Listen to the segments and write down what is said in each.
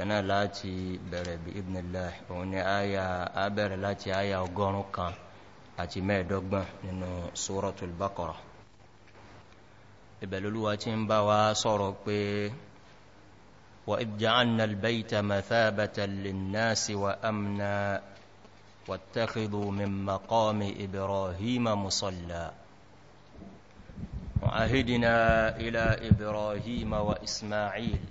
ibẹ̀ náà láti bẹ̀rẹ̀ bí ibnillah òun ni àyà abẹ̀rẹ̀ láti àyà ọgọ́rùn kan àti mẹ́ẹ̀dọ́gbọ̀n nínú suratul baqara ibẹ̀ lólúwa tí ń bá wá sọ̀rọ̀ pé wa ibja'anna albayta mathabatan linnasi wa amna wattakhidhu min maqami ibrahima musalla وعهدنا إلى إبراهيم وإسماعيل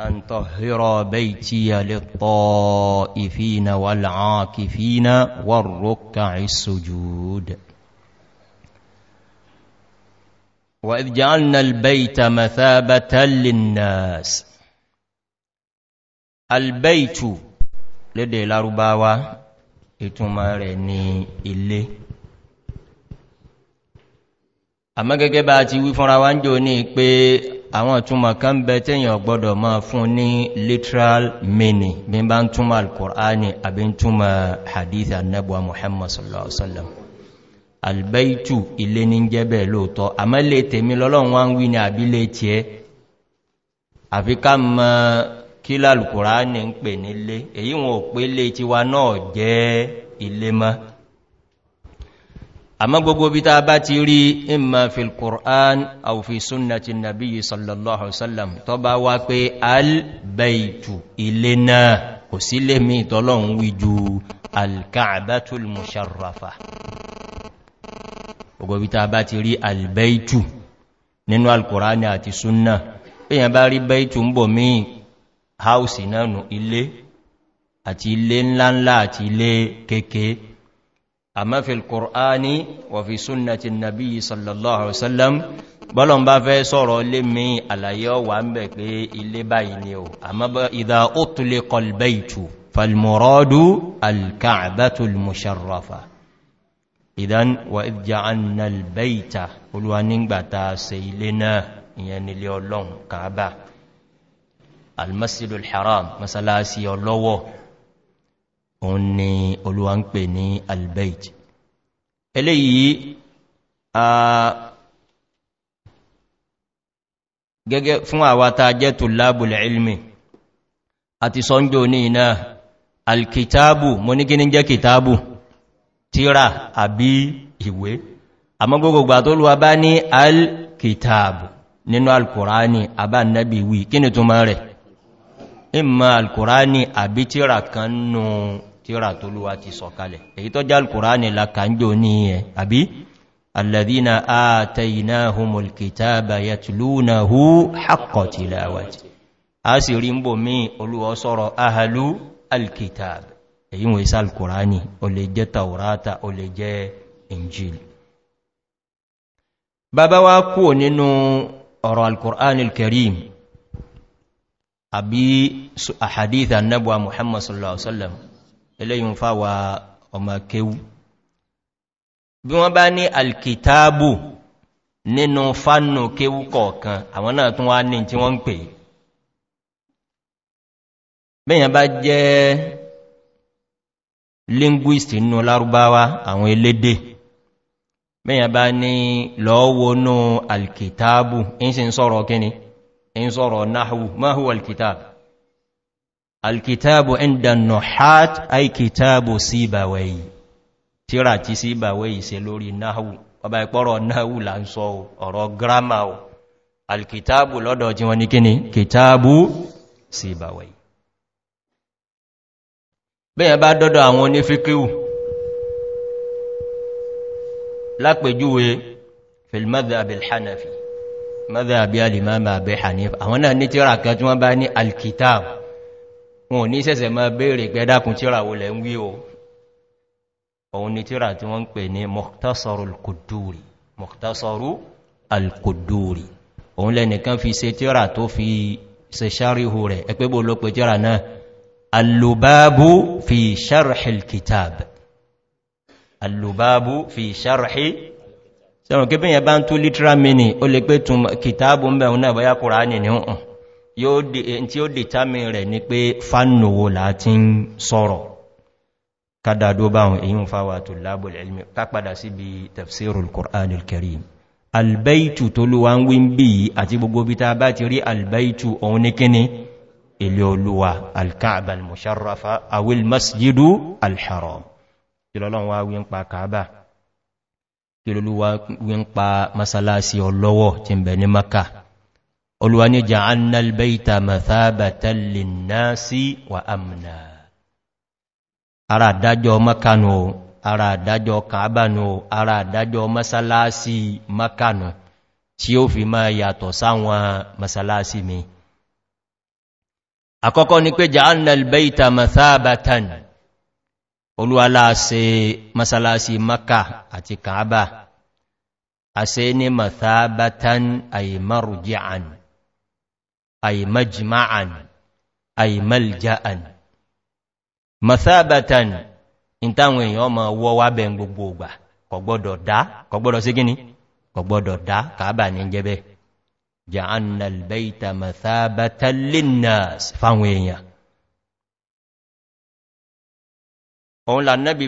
أن طهر بيتي للطائفين والعاكفين والركع السجود وإذ جعلنا البيت مثابة للناس البيت lédè lárúbáwá ìtumọ̀ rẹ̀ ní ilé àmọ́ gẹ́gẹ́ bá ti wí fúnra wá ń jò ní pé àwọn túnmà kan bẹ tẹ́yìn ọgbọ́dọ̀ ma fún ní literal meaning bí bá ń túnmà al-qur'ani àbí túnmà hadith annabuwa muhammad sallallahu alaihi wasallam albaitu ilé ní jẹ́bẹ̀ lóòtọ́ àmá lè tèmi lọ́lọ́run wá ń wí ní àbílé tí ẹ àfi ká mọ́ kí lálùkùrá ń pè nílé èyí wọn ò pé lè tí wa náà jẹ́ ilé mọ́ àmá gbogbo bí ta bá ti rí ìmá fil ƙùrán àwòfi súnnà ti nàbí yìí sallallahu ala'uwasallam tó bá wá pé albaitu ilé náà kò sí lè mí ìtọ́lọ́un wíjú alka'abatul musharrafa gbogbo bí ta bá ti rí albaitu nínú alkùrán àti súnnà èyàn bá rí baitu ń bọ̀ mí haúsì náà ilé àti ilé ńláńlá àti ilé kéèkéé àmá fi alkùránì wà fi súnnàtí nàbí sallallahu alaihi wasallam bọ́lọ̀n bá fẹ́ sọ̀rọ̀ lé mi àlàyé ọwà ń bẹ̀ pé ilé báyìí ni o àmá ìdá ó tulé kọlbẹ̀ìtù falmọ̀rọ́dú alkàbátulmusharrafa ìdán wà ìjà annalbẹ̀ìta olúwa nígbàta òun ni olúwa ń pè ní albeit eléyìí gẹ́gẹ́ fún àwátá jẹ́ tó lábùlẹ̀ ilmi àti sọ́njò ní iná alkitabu mo ní gíní jẹ́ kitabu tíra àbí ìwé àmọ́ gbogbo tó lùwà bá ní alkitabu nínú alkùránì àbá nẹ́bí wí kí ni tó máa rẹ̀ ìmọ̀ alkùránì àbí tíra kan nù tíra tó lúwa ti sọ̀kalẹ̀ èyí tó já alkùránì lakanjò ní ẹ̀ àbí alladina àtàyìnà homolkita bayẹ tìlúnà hú hakọ̀ tìlàwàtì a sì rí ń bò mí olúwọ́ sọ́rọ̀ ahalu alkita èyí wọ́n isa alkùránì o lè jẹ́ taurata o lè jẹ́ injil sallallahu alaihi wasallam eléyìn fáwà ọmọ kéwú bí wọ́n bá ní alkitaabu nínú fánù kéwú kọ̀ọ̀kan àwọn náà tún wá ní tí wọ́n ń pè bẹ́yàn bá jẹ́ linguist nínú lárúbáwá àwọn elédè bẹ́yàn bá ní lọ́wọ́nú alkitaabu in sì ń sọ̀rọ̀ kíni in sọ̀rọ̀ náhù máhù alkitaabu alkitabu inda nuhat ay kitabu sibawai tira ti sibawai se lori nahwu baba iporo nahwu la nso oro grammar o alkitabu lodo ji won ni kini kitabu sibawai beyan ba dodo awon ni fikiu lapejuwe fil madhhab al hanafi madhhab al imam abi hanif awon na ni tira kan ti won ba ni alkitabu wọn ò ní sẹ́sẹ̀ máa bèèrè pẹ́dàkùn tíra wo lẹ́ ń wí o òun ni tíra tí wọ́n ń pè ní mọ̀tásọrù alkùdúrì òun lẹ́nìkan fi se tíra tó fi se ṣáríhù rẹ̀ ẹgbẹ́gbò ló pè tíra náà alubabu fi ṣarhil kitab alubabu fi ṣarhi tí ó dìtàmì rẹ̀ ni pé fánòwò láti ń sọ́rọ̀ kádàdó báhùn èyí ń fáwà tó lábò ilmi kápadà sí bí tafsirul qur'an al-karim albaitu tó lúwa ń wí ń bí àti gbogbo bí ta bá ti rí albaitu òun ní kíni ilé olúwa alkaaba musharrafa awil masjidu al-haram kílọ́lọ́wọ́ wí ń pa kaaba olùwà ní jà annal baita mathabata linnasi wa amna ara àdájọ́ makanu ara àdájọ́ kàábanu ara àdájọ́ masalasi makanu tí ó fi máa yàtọ̀ sáwọn masalasi mi àkọ́kọ́ ni pé jà annal baita mathabatan olúwaláàṣe masalasi maka àti kàábà a se ní mathabatan àyè marujẹ́ àni أي مجمعا أي ملجأ مثابة ìntàwọn èèyàn ọmọ wọ́ wá bẹ̀ gbogbo ògbà kọ̀gbọ́dọ̀ dá kọ̀gbọ́dọ̀ sí gíní kọ̀gbọ́dọ̀ dá kàábà ní jẹ́bẹ̀ jẹ́ annalbaita mathabatalinas fáwọn èèyàn òun lànàbí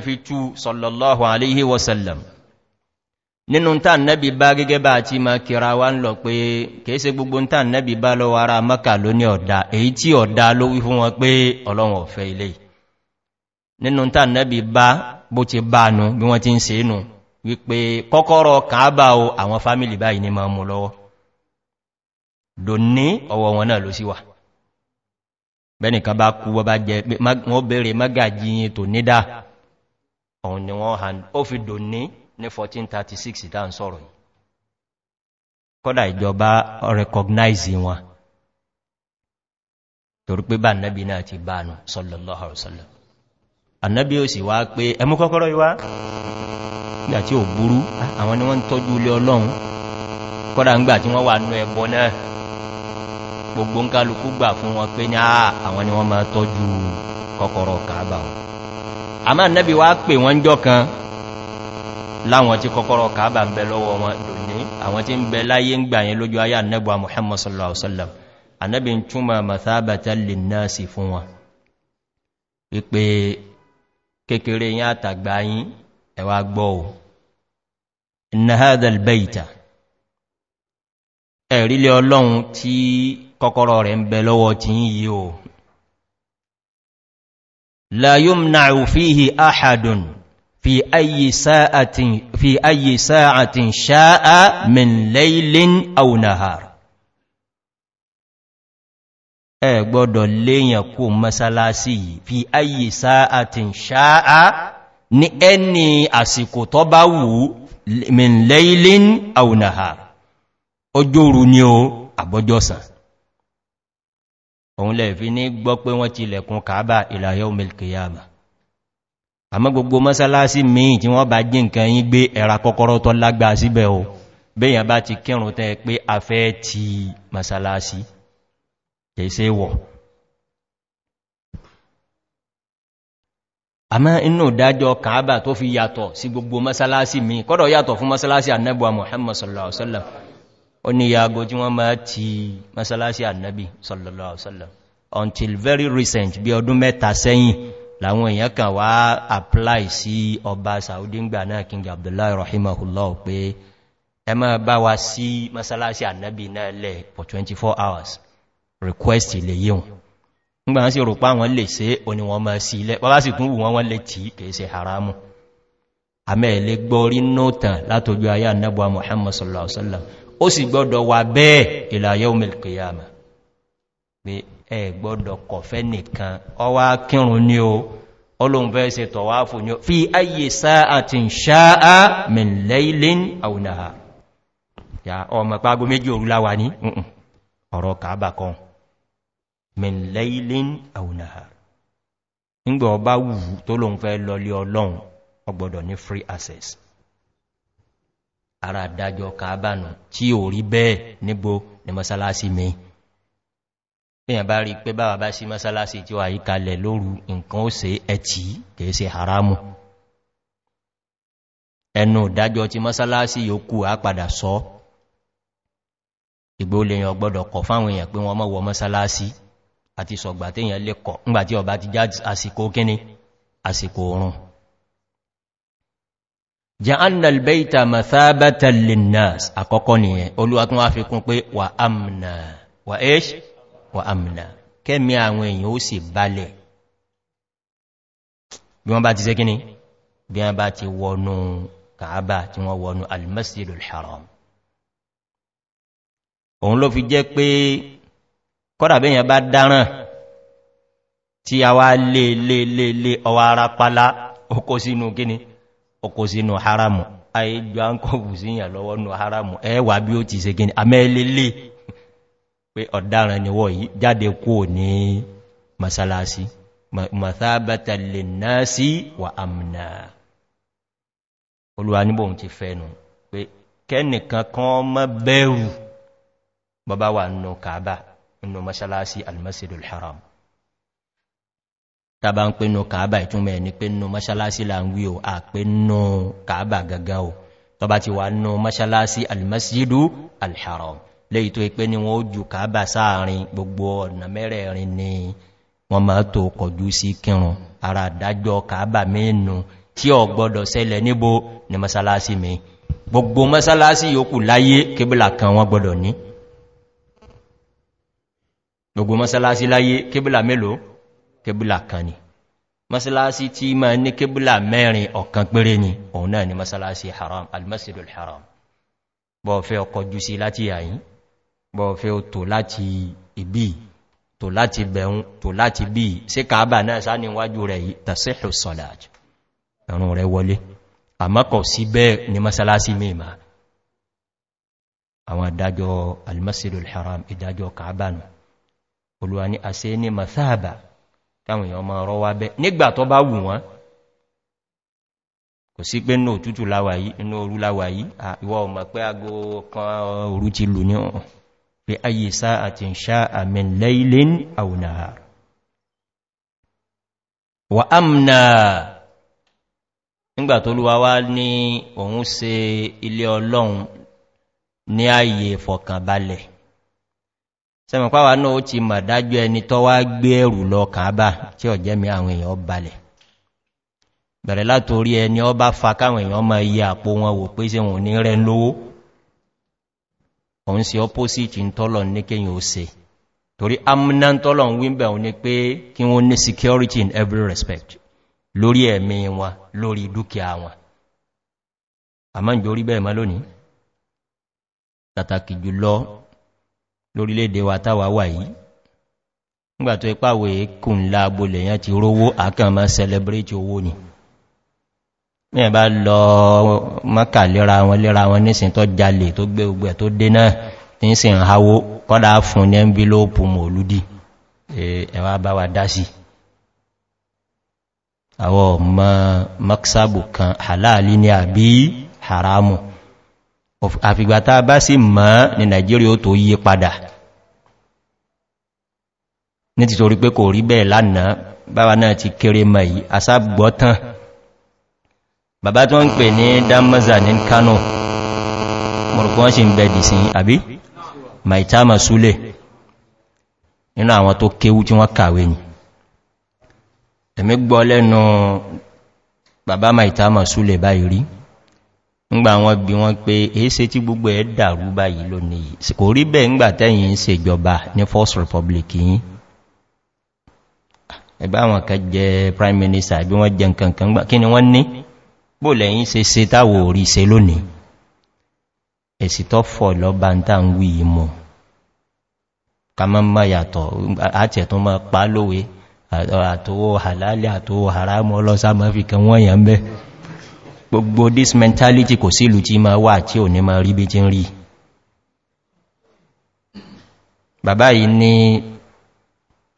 nínú ta nẹ́bí bá gẹ́gẹ́ bá àti ma kìra wá ń lọ pé kèése gbogbo ta nẹ́bí bá lọ́wọ́ ara mọ́kà ló ní ọ̀dá èyí tí ọ̀dá ló wí fún wọn pé ọlọ́run ọ̀fẹ́ ilé nínú ta nẹ́bí bá bó ti bá nù bí wọ́n ti ń se nù wípé kọ́kọ́rọ̀ kàábà ni wọ́n hàn ó fi ní 1436 tá ń sọ́rọ̀ yìí kọ́dà ìjọba recognize wọn torí pé bá annabi náà ti bá nù sallallahu ala'uwa annabi ó sì wá pé ẹmú kọ́kọ́rọ́ ìwá nígbà tí ò burú àwọn ni wọ́n tọ́jú ilé ọlọ́run kọ́dà ń gbà tí wọ́n wà nú ẹbọ náà gbogbo gbà fún wọn pé ní àwọn ni wọ́n máa tọ́jú kọ́kọ́rọ́ wọn àmá annabi wá pè wọ́n jọ kan láwọn tí kọ́kọ́rọ̀ kàábà ń bẹ lọ́wọ́ wọn lóní àwọn tí ń bẹ láyé ń gbà yẹn lójú ayé annabuwa muhammad sallallahu alaihi wasallam annabi ń túnmọ̀ mathabata linnasi fún wọn wípé kékeré yín àtàgbà yín ẹwà gbọ́ ò iná hadalbaita ẹ̀rílẹ̀ ọlọ́run tí kọ́kọ́rọ̀ rẹ̀ ń bẹ lọ́wọ́ tí ń yí o la yóò áhàdùn fi ayi sa'atin ṣá'a min lailin aunahar ẹ gbọ́dọ̀ léyàn kó masalasi yìí fi ayi sa'atin ṣá'a ní ẹni àsìkò tó bá wù min lailin aunahar ojóoru ni o àbọ́jọ́sàn òun lẹ́ẹ̀fi ní gbọ́ pé wọ́n ti lẹ̀kún kàábà ìlàyẹ́ omilkiyama àmọ́ gbogbo mọ́sálásí mìí tí wọ́n bá jí nǹkan yí gbé ẹ̀rà kọ́kọ́rọ́ tó lágbà síbẹ̀ o bẹ́yàn bá ti kírùn tẹ́ pé a fẹ́ ti mọ́sálásí kèsẹ́ wọ̀ àmọ́ inú dájọ́ kàábà tó fi yàtọ̀ sí gbogbo mọ́sálásí mìí kọ́dọ̀ yàtọ̀ fún mọ́sálásí annabuwa muhammad sallallahu alaihi wasallam ó ní yàgò tí wọ́n máa ti mọ́sálásí annabi sallallahu alaihi until very recent bí ọdún mẹ́ta sẹ́yìn láwọn èèyàn kan wá apply sí ọba saudi ngbà náà king abdullahi rahimahullah pé ẹ máa bá wa sí masalasi annabi náà lẹ̀ for 24 hours request ilé yíò ngbà sí rò pa wọn lè ṣe oní wọn máa sí ilẹ̀ wọ́n bá sì tún wù wọn wọ́n lè tí kìí ṣe haramu àmẹ́ẹ̀lẹ́ gbọ́rí nóòtàn látojú ayé annabuwa muhammad sallallahu alaihi wasallam ó sì gbọ́dọ̀ wà bẹ́ẹ̀ ìlàyẹ́ omilkiyama ẹ kọ̀fẹ́ nìkan ọwá kírùn ní o olóhun fẹ́ ṣe tọ̀wá fún ní o fi ayé sáà ti ń ṣáà mìlẹ́ilín àwùnáà ya ọmọ pàgó méjì orúláwà ní ọ̀rọ̀ kàábà kan mìlẹ́ilín àwùnáà ọba ní free access mi. pèyàn bá rí pé báwà bá sí mọ́sálásì tí wà yí kalẹ̀ lóru nǹkan ó se ẹ̀tì kìí se haramu ẹnu ìdájọ́ ti mọ́sálásì yókù á padà sọ ìgbó gbọ́dọ̀ kọ̀ fáwọn pé wọ́n mọ́ wọ mọ́sálásì àti sọ̀gbà tí amna wa wà àmìnà kẹ́mí àwọn èèyàn ó sì balẹ̀ bí wọ́n bá ti sẹ́kíní bí wọ́n bá ti wọnú kàábà tí wọ́n wọnú almasjid al-haram òun ló fi jẹ́ pé kọ́dà bẹ́yàn bá dáràn tí a wá lè lè lè lè ọwọ́ ara pálá oko sínú kíní oko sínú haramu àìjọ àǹkọ̀bù síyàn lọ́wọ́ nù pé ọ̀daràn ni wọ́n yìí jáde kú ní masalasi mathabata lè náà sí wà amìnà olúwa níbò ti fẹ́nu pé kẹ́nìkan kan mọ́ bẹ̀rù bọ́bá wà nù kàábà nù masalasi almasidul haram tàbá ń pè nù kàábà ìtúnmẹ̀ ní pé nù masalasi là o à pé nù kàábà gaga tọba ti wà nù masalasi almasidu alharam léyìí tó ipé ni wọ́n ó jù káàbà sáàrin gbogbo ọ̀nà mẹ́rẹ̀ẹ̀rin ni wọ́n máa tó kọjú sí kírùn ara dájọ́ káàbà mẹ́nu tí ọ gbọ́dọ̀ sẹ́lẹ̀ níbo ni masalasi mi gbogbo masalasi yóò láyé kébìlà kan wọ́n gbọ́dọ̀ ní gbogbo masalasi láyé kébìlà mélòó kébìlà kan masalasi tí ma ní ni òun náà ni masalasi haram almasidul haram bọ́ọ̀fẹ́ ọkọ̀jú sí láti yàyìn bọ̀fẹ́ o tò láti ìbí tò láti bẹ̀un tò láti bí sí kàábà náà sá níwájú rẹ̀ tàṣíhù sọ̀láàjì ẹ̀rùn rẹ̀ wọlé àmọ́kọ̀ sí bẹ́ẹ̀ ní masalasi mẹ́mà àwọn ìdájọ́ almasirul haram ìdájọ́ kàábànù olúwa ní àṣẹ ní masáàbà káwọn èèyàn ma rọ wá bẹ́ nígbà tó bá wù wọ́n kò sí pé ní òtútù láwàyí inú orú láwàyí ìwọ̀ ọmọ pé ago kan orú ti lù ní ọ̀hún bí ayé sáàtì ń ṣá àmìn lailin àwùnàà wà ámìnà nígbà tó lúwa wá ní òun se ilé ọlọ́run ní ayé fọ̀kànbalẹ̀ sẹ́mọ̀páwà náà ó ti mọ̀ dájú ẹni tọ́ wá gbé ẹrù lọ kàábà tí ọ̀jẹ́mi àwọn èèyàn balẹ̀ bẹ̀rẹ̀ látorí ẹni ọ bá fa káwọn èèyàn mọ̀ iye àpò wọn wò pé sí wọn ní rẹ̀ lówó òun sí ọpọ́síìtì ń tọ́lọ̀ ní kíyàn ó se torí amúná tọ́lọ̀ ń wímbẹ̀ òun ni pé kí wọ́n ní security in every respect lórí ẹ̀mí wọn lórí dúkìá wọn àmá ń jorí bẹ́ẹ̀ má lónìí pàtàkì jùlọ lórílẹ̀-èdè wa táwà wà yìí nígbàtọ̀ ipáwẹ̀ kùnlá abolèyàn ti rówó àkàmà celebrate owó ni ní ẹ̀bá lọ mọ́kà lera wọn lera wọn nísìn tó jalè tó gbé ogbẹ̀ tó dé náà tí ń sin àwó kọ́dá fún ní ẹmbílóòpù mọ̀lúdí ẹwà bá wa dá sí àwọ̀ mọ́ mọ́ksábù kan halali ní àbí haramu àfìgbàtà bá sí mọ́ ní nàìjíríà tó yí padà ní títorí pé kò rí bẹ́ẹ̀ lánàá báwa náà ti kéré mọ̀ yìí asábọ̀tán bàbá tó ń pè ní damaza ní kano mọ̀rùkún sí ń bẹ̀dì sí àbí maitama sule nínú àwọn tó kéwú tí wọ́n kàwé ni ẹ̀mí gbọ́ lẹ́nu bàbá maitama sule báyìí rí ńgbà wọn bí wọn pé èése tí gbogbo ẹ̀ dàrú báyìí lónìí kò rí bẹ́ẹ̀ ńgbà tẹ́yìn ìṣèjọba ní first republic yìí ẹ̀bá àwọn kan prime minister bí wọ́n jẹ nǹkan kan gbà kí ni wọ́n ní bó lẹ́yìn se se táwò orí se lónìí èsì tó fọ́ lọ́bá ń tàn wí ìmọ̀ ká mọ́ mọ́ yàtọ̀ àti ẹ̀tún mọ́ pa lówe àtòwò àlálẹ́ àtòwò haramu ọlọ́sá mọ́ fi kan wọ́n yàn bẹ́ gbogbo this mentality kò sílù tí ma wà tí ò ní ma rí bí tí ń rí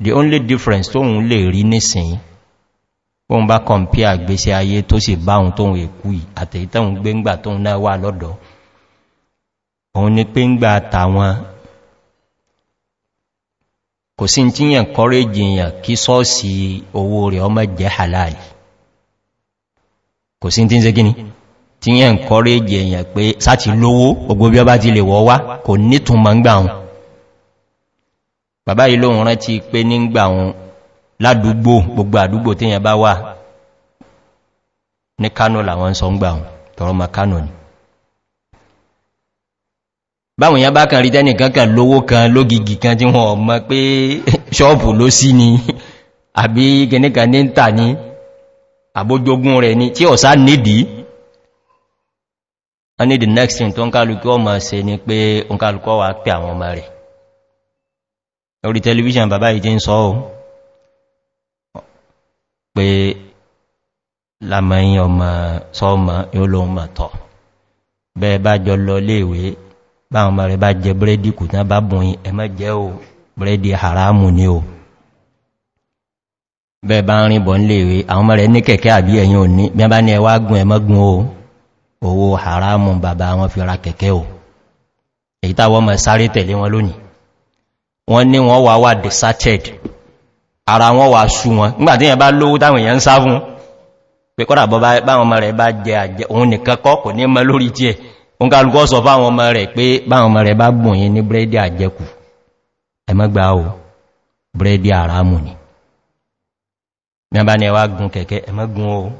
the only difference tóhun lè rí nísìnyí wọ́n bá kọmpí àgbésí ayé tó sì bá ohun tóhun èkú àtẹ̀yítọ́hun gbéngbà tóhun náà wà lọ́dọ̀ òun ni pé ń gbà tàwọn kò sí tí yàn kọ́rẹ́jì yàn kí sọ́ọ̀sì owó rẹ̀ ọmọ jẹ́ halali kò sí tí ń se gíní tí yàn kọ́rẹ́jì yàn pé sáti lówó gbogbo bí ọ bá ti lè wọ́ wá kò nítùmọ̀ ń gbà wọn bàbá ìlóhun rántí pé nígbà wọn ládúgbò gbogbo àdúgbò tí yẹn bá wà ní kánò làwọn sọ ń gbà hùn tọrọ ma kánò ni báwọn yẹn bá kan rí tẹ́nì kankan lówó kan lógigi kan tí wọ́n mọ́ pé ṣọ́ọ̀pù ló sí ni àbí gẹnìkan ní ń tà ní àbójógún rẹ̀ ni tí ọ̀sá nídìí wọ́n the next thing tó ń kálùkọ́ ọmọ se ni pé ń kálùkọ́ wà pẹ àwọn ọmọ rẹ̀ orí tẹlifíṣàn bàbá ìdí ń sọ ohun pé lámàáyí ọmọ sọ́ọ̀mọ̀ yóò lóun mọ̀ tọ̀ bẹ́ẹ̀ bá jọ lọ léèwé báwọn ọmọ rẹ̀ bá jẹ búrẹ́dì kù tán bá bùnrin ẹmọ́ jẹ́ ò búrẹ́dì haramu ni ò bẹ́ẹ̀ bá ń rìn bọ̀ léèwé àwọn ọmọ ní kẹ̀kẹ́ àbí ẹ̀yìn òní bí bá ní ẹwà gùn ẹmọ́ gùn o owó haramu bàbá wọn fi ra kẹ̀kẹ́ ò èyí táwọn ọmọ sáré tẹ̀lé wọn lónìí wọ́n ní wọ́n wà wà deserted ara wọn wà sú wọn nígbàtí yẹn bá lówó táwọn èèyàn ń sá fún pé kọ́dà bọ́ báwọn ọmọ rẹ̀ bá jẹ àjẹ òun nìkan kọ́ kò ní mọ́ lórí tí ẹ̀ òun kálùkọ́ sọ fáwọn ọmọ rẹ̀ pé báwọn ọmọ rẹ̀ bá gbùn yí ní búrẹ́dì àjẹkù o búrẹ́dì àrámù ni mẹ́bá ni ẹwà gun kẹ̀kẹ́ ẹmọ́gun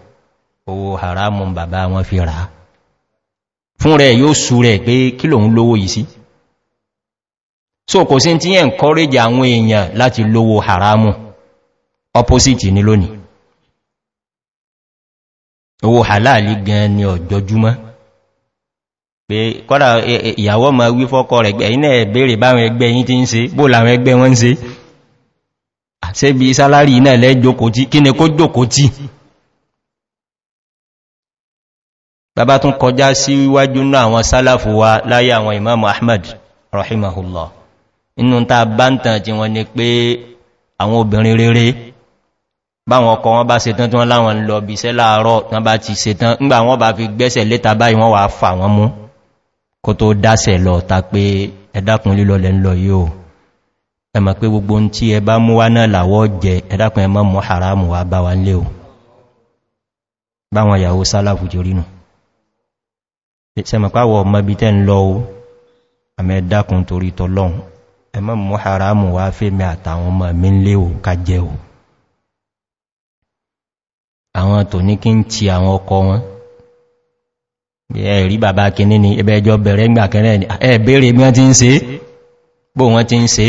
so kò sí ti encourage àwọn èèyàn láti lówó haramu opposite ní lónìí owó halali gan ni ọ̀jọ́júmọ́ pé kọ́dà ìyàwó ma wí fọ́kọ́ rẹ̀ gbẹ̀ iná ẹ̀bẹ̀rẹ̀ báwọn ẹgbẹ́ yìí ti ń se bó làwọn ẹgbẹ́ wọ́n ń se àṣẹ́bí sálárì iná ilẹ̀ jókòtí kí ni kó jókòtí bàbá tún kọjá sí wíwájú náà àwọn sálàfù wa láyé àwọn imam ahmad rahimahullah inú ta bá ń tàn tí wọ́n ni pé àwọn obìnrin rere báwọn ọkọ̀ wọn bá se tán tí wọ́n láwọn lọ bí iṣẹ́ láàárọ̀ tán bá ti se tán ńgbà wọ́n bá fi gbẹ́sẹ̀ léta báyìí wọ́n wà fà wọ́n mú kó tó dásẹ̀ lọ ta pé ẹ̀dàkùn lílọ lẹ́ ń lọ yóò ẹmà pé gbogbo ń tí ẹ bá mú wá náà làwọ́ jẹ ẹ̀dàkùn ẹmọ́ mọ́ haramu wa lé o báwọn ìyàwó haramu wá fẹ́ mẹ́ àtàwọn ọmọ mi ń lé ká jẹ o àwọn tò ní kí ń ti àwọn ọkọ̀ wọn ẹ̀rí bàbá kìíní ni ẹbẹ́ ẹjọ́ bẹ̀rẹ̀ ń gbà kẹrẹ ẹ̀bẹ̀rẹ̀ bí wọ́n ti ń se bó wọ́n ti ń se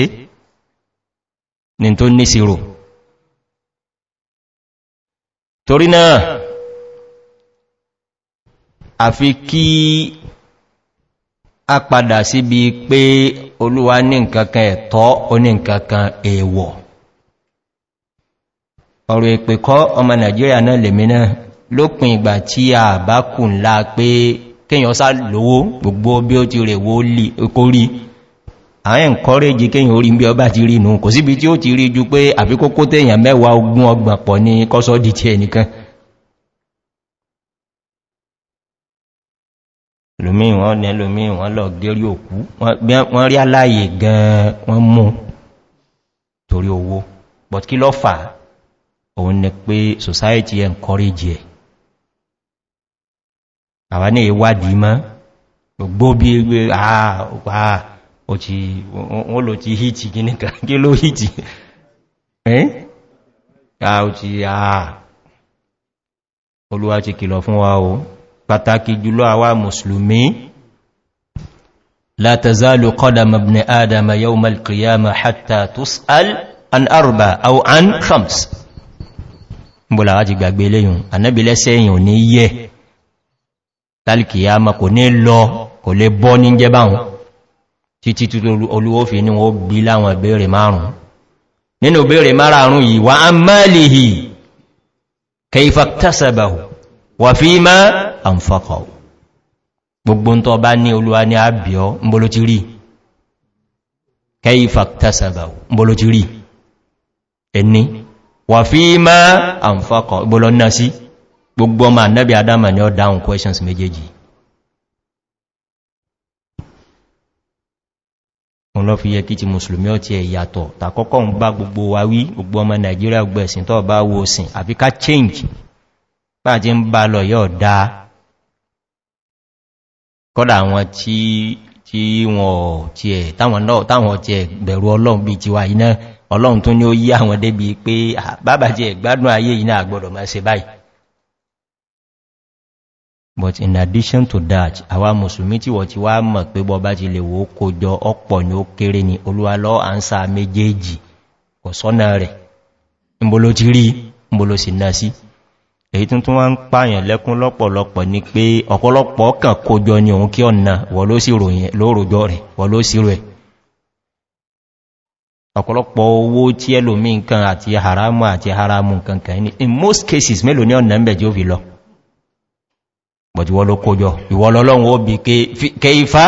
ní tó ní sírò torí náà àfi kí a padà síbi pé olúwa ní nǹkankan ẹ̀tọ́ oní nǹkankan èèwọ̀ e ọ̀rọ̀ èpè kọ́ ọmọ nàìjíríà náà lèmi náà lópin ìgbà tí a bá kù ńlá pé kíyàn sá lówó gbogbo bí ó ti rẹ̀ wó kórí àwọn ẹ̀ǹkọ́rẹ́jì kíyàn orí bí ọba ti rí nù kò síbi tí ó ti rí ju pé àfikókó tèèyàn mẹ́wàá ogún ọgbọ̀n pọ̀ ní kọ́sọ́dì ti ẹnìkan lọ gẹ́rí òun ni pé society encourage ẹ̀ àwà ní ìwádìí mọ́ gbogbo bí ewé àà òtí wọ́n lò ti hìtì gíní kí ló hìtì ẹ́n àòtí àà olúwa ti kìlọ̀ fún wa o pàtàkì jùlọ àwà mùsùlùmí látàzálù kọ́dà mabni adama yau malkiyama hatta tus'al an arba au an khams mbọ̀lá wá ti gbàgbé léyùn ànábìlẹ́sẹ̀ èyàn ní yẹ́ tálìkì ya ma kò ní lọ kò lè bọ́ ní jẹ́ báhùn títí olúwó fi ní wọ́n bí láwọn ìbéèrè márùn-ún nínú ìbéèrè márùn-ún yìí wà á máàlìhì kẹfà wà fí má àǹfàkọ̀ ìbọ̀lọ́ náà sí gbogbo ọmọ ànẹ́bí adama ni ó dáhùn questions méjèèjì òun lọ fi yẹ kí ti musulmi ọ ti ẹ̀yàtọ̀ tàkọ́kọ́ ń bá gbogbo wa wí gbogbo ọmọ nàìjíríà gbẹ̀sìn tó bá wo sìn àfi ká change bá ti ń bá lọ yóò dá kọ́dà àwọn tí wọn ti ẹ̀ táwọn ọlọ́run bí ti wà yìí ọlọ́run tó ní ó yí àwọn débi pé bàbá jẹ́ ìgbádùn ayé yìí náà gbọ́dọ̀ máa ṣe báyìí but in addition to that àwa musulmi tí wọ́n ti wá mọ̀ pé bọba ti lè wó jọ ọpọ̀ ni ó kéré ni olúwalọ́ ansa méjèèjì kò rẹ̀ mbolo ti náà sí ọ̀pọ̀lọpọ̀ owó tí ẹlòmí nǹkan àti haramu àti haramu nǹkan kan ní in most cases mélòó ní ọ̀nà ẹ̀mẹ̀ jí ó fi lọ but ìwọ́ ló kójọ ìwọ́ lọ́lọ́run ó bí kẹifá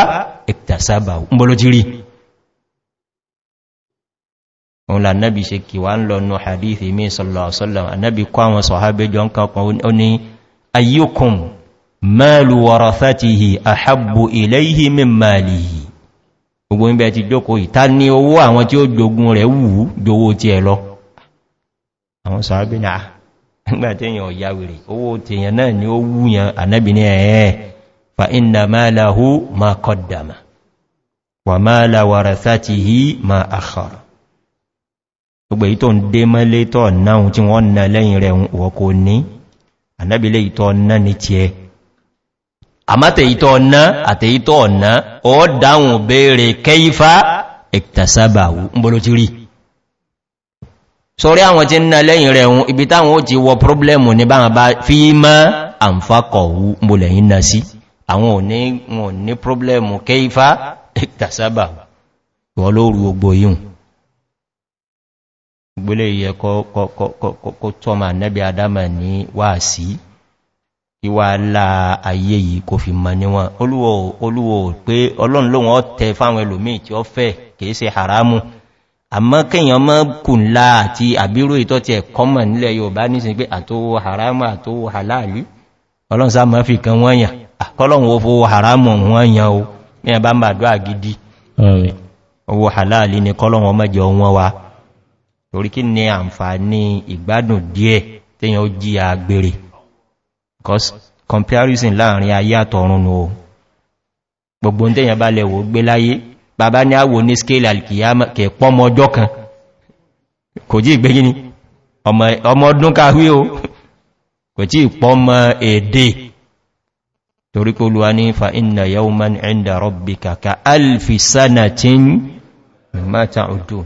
ìtàsábà mbólójírí òun là nábi ṣe kì wá ń lọ nù hadithi mi sọ̀lọ̀sọ̀lọ̀ anábi kọ́ àwọn sọ̀hábẹ́jọ ń gbogbo ń bẹ ti jókòó ìta ní owó àwọn tí ó jogun rẹ̀ wù ú jowó ti ẹ̀ lọ àwọn sàábí náà nígbàtí èyàn ọ̀yá wèrè owó tèyàn náà ni ó wúyàn ànábì ní ẹ̀ẹ́ fa iná máa ma kọ́dàmà wà máa láwàrà sáti hí ma àkọ̀rọ̀ àmátẹ̀yìtọ̀ ọ̀nà àtẹ̀yìtọ̀ ọ̀nà ọ dáhùn bèèrè kẹfà ẹ̀tàsábàwò ń bọ́lọ́ ti rí àwọn tí ń na lẹ́yìn rẹ̀ ibi táwọn ó ti wọ problemu ní bá bá fi mọ́ àǹfàkọ̀wú mọ́lẹ̀yìn na sí àwọn ò ní problemu kẹfà wọ́n ogbò yíò yẹ kọ́ tọ́mà nẹ́bí adama ní ìwà àlà ayé yìí kò fi mọ̀ níwọ̀n olúwo pé ọlọ́run ló wọ́n tẹ fáwọn ẹlòmíì tí ó fẹ́ kìí se haramu àmọ́ kíyàn mọ́ kùnlá àti àbírò ìtọ́ ti ẹ̀kọ́mọ̀ nílẹ̀ yóòbá ní sin pé àtówó haramu àtówó halali ọlọ́run sáà mọ́ fi haramu wọ́n yàn o ní ẹ̀bá ń bàdó àgidi owó halali wa torí kí ni àǹfààní ìgbádùn díẹ̀ comparison láàrin ayé àtọ̀run o gbogbo ní tẹ́yàn bá lẹ́wọ̀ gbé láyé bàbá ní àwò ní scale alkiyama kẹ pọ́mọ ọjọ́ kan kò jí ìgbé gíní ọmọ ọdún káwí o kò tí ìpọ́mọ èdè torí kó lùwá ní fa iná yau man ẹ̀ndà rọ̀bì kàkà alfisana tí ń mata ojú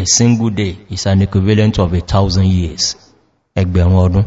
a single day is an equivalent of a thousand years ẹgbẹ̀rún ọdún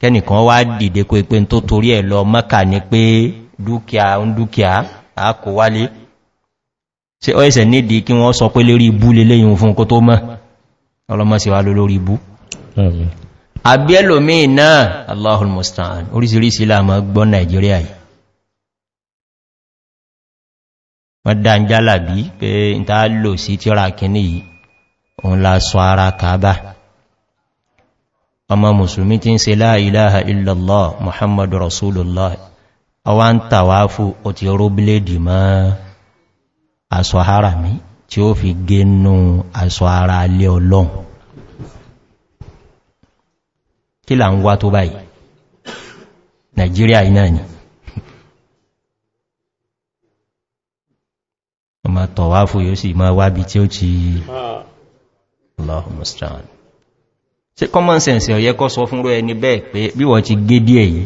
kẹ́nìkan wá dìde kó ipé tó torí ẹ̀ lọ mọ́kà ní pé dúkìá ń dúkìá àkó wálé sí ọ ẹsẹ̀ nídi kí wọ́n sọ pé lérí ibú lè léyìn fún kó tó mọ́ ọlọ́mọ́ sí wá lórí ibú àbí ẹlòmíì náà allahul mustaan orísìírísìí láàmọ́ gbọ́ ọmọ musulmi ti ń se láàíláha illallá muhammadu rasulullah ọwá ń tàwáfú o ti rú bíléèdì mọ́ aṣọ ara mi tí ó fi gẹ́nu aṣọ ara alẹ́ ọlọ́un kí là ń wá tó báyìí nàìjíríà iná ni ọmọ tọ̀wáfú yóò sì máa wábi tí ó ti ah. lọ́hùn mustard ṣe common sense ọ̀yẹ́ kọ́ sọ fún ẹni bẹ́ẹ̀ pé bí wọ́n ti gé díẹ̀ yìí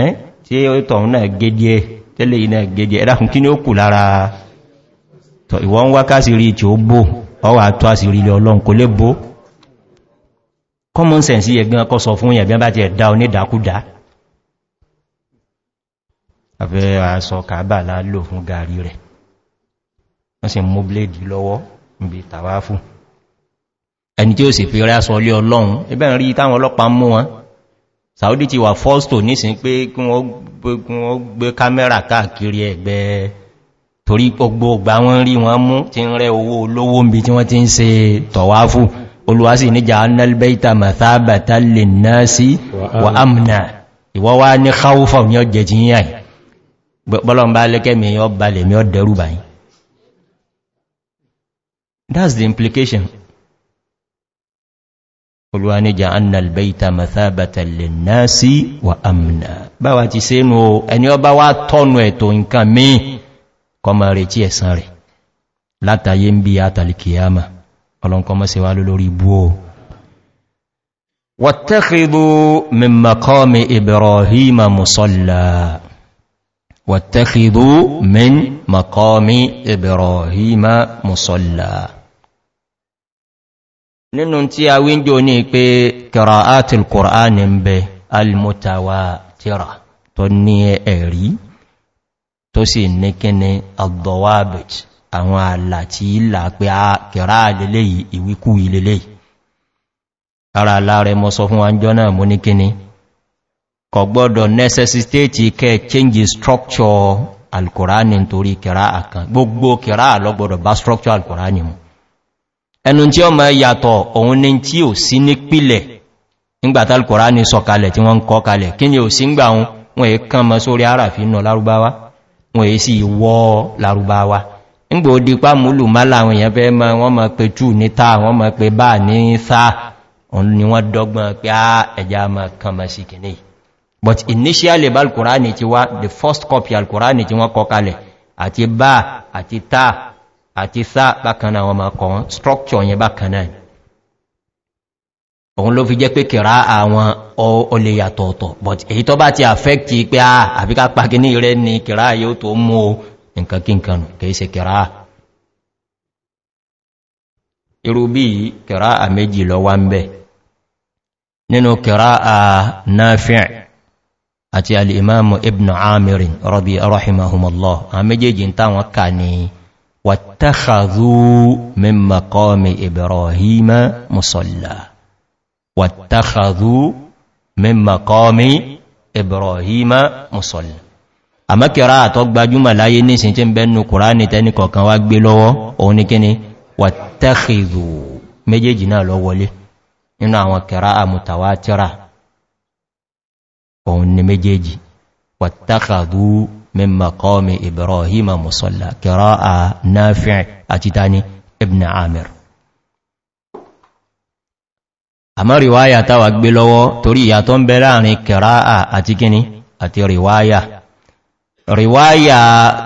ẹ́n tí ó tọ̀hún náà gé díẹ̀ tẹ́lẹ̀ iná gé díẹ̀ ẹ̀dàkùn kí ní ó kù lára tọ̀ ìwọ́n wá kásìrí tí ó bó ọwà tó àsìrí ilẹ̀ ọlọ́run kò lè bó common sense yẹ gan kọ́ sọ fún yẹ̀bẹ́ bá ti ẹ̀dá onídàkúdà afẹ́ àṣọ kàábà lálò fún ẹni tí ó sì fi rẹ́ aṣọ olé ọlọ́run ẹbẹ́ rí táwọn ọlọ́pàá mú wọn saudi ti wà fọ́stò nísìn pé kí wọ́n gbé kámẹ́rà káàkiri ẹgbẹ́ torí gbogbo ọgbà wọn rí wọn mú ti rẹ owó olówó ń bí tí wọ́n ti ń se tọ̀wáfù olùwásí níjà annalbaita mathabata lè náà wa amna ìwọ́ ní káwùfà ní ọjẹ́ ti that's the implication قل وان جعلنا البيت مثابة للناس وأمنا báwa ti ṣe nù o ẹni ọba wá tọ́nù ẹ̀tò nǹkan míì kọmọ rẹ̀ tí ẹ̀sán rẹ̀ látàyé ń bí àtàlìkìyàmà ọlọ́nkọmọ́ sí wá lórí ibú o wàtẹ́kìdú mímọ̀kọ́mí ibrahima musalla wàtẹ́kìdú mímọ̀kọ́mí ibrahima musalla nínú tí a wíńjò ní pé kìrà átil kùránì ń bẹ almutawa tíra tó ní ẹ̀rí tó sì ní kíni aldowabit àwọn àlà tí ìlà pé a kìrà àlélé ìwíkú ilélé ara aláàrẹ mọ́ sọ fún wájọ́ náà mú ní kíni kọ̀ gbọ́dọ̀ necessitate kẹ́ change structure alkùránì torí kìrà àkàn gbogbo kìrà lọ́gbọ̀dọ̀ bá structure alkùránì mu ẹnu tí ó ma yàtọ̀ òun ní tí ò sí ní pìlẹ̀ nígbàtà alkùnrà ní sọ̀kalẹ̀ tí wọ́n ń kọ kalẹ̀ kí ni ò sí ń gbà wọn wọ́n è kán mọ́ sórí àràfin náà lárúbáwá wọ́n è sì wọ́ lárúbáwá ńgbò dípá múlù málà àwọn èèyàn fẹ́ mọ́ but initially bá alkùnrà ní the first copy alkùnrà ní ti wọ́n kọ kalẹ̀ àti sá bákanáà wọn máa kọ̀wọ́n structure yẹn bákanáà òun ló fi jẹ́ pé kìrá àwọn olè yàtọ̀ọ̀tọ̀ but èyí tó bá ti affect pé a ah, àbíká pàkí ní rẹ̀ ní kìrá yóò tó mú o nǹkan kí nǹkan kìí se kìrá irú bí kìrá à méjì lọ wá ń bẹ̀ nínú kìrá à náfíà àti al'imamu ibn amirin rọ̀bí rahimahumallah a méjèèjì táwọn kà ní واتخذوا من مقام إبراهيم مصلى واتخذوا من مقام إبراهيم مصلى àmá kìrá àtọ́gbàjúmà láyé ní sin tí ń bẹnu kùránì tẹ́ni kọ̀kan wá gbé lọ́wọ́ òun ní kíni wàtàkìrù méjèèjì náà lọ wọlé nínú àwọn kìrá àmùtàwà tíra òun ní méjèèjì wàtàkàrù min maqami ibrahim musalla qira'a nafi' àti tani ibn amir àmọ́ riwaya táwà gbé lọ́wọ́ torí ìyàtọ̀ ń bẹ láàrin kẹráà àti kíní àti riwaya riwaya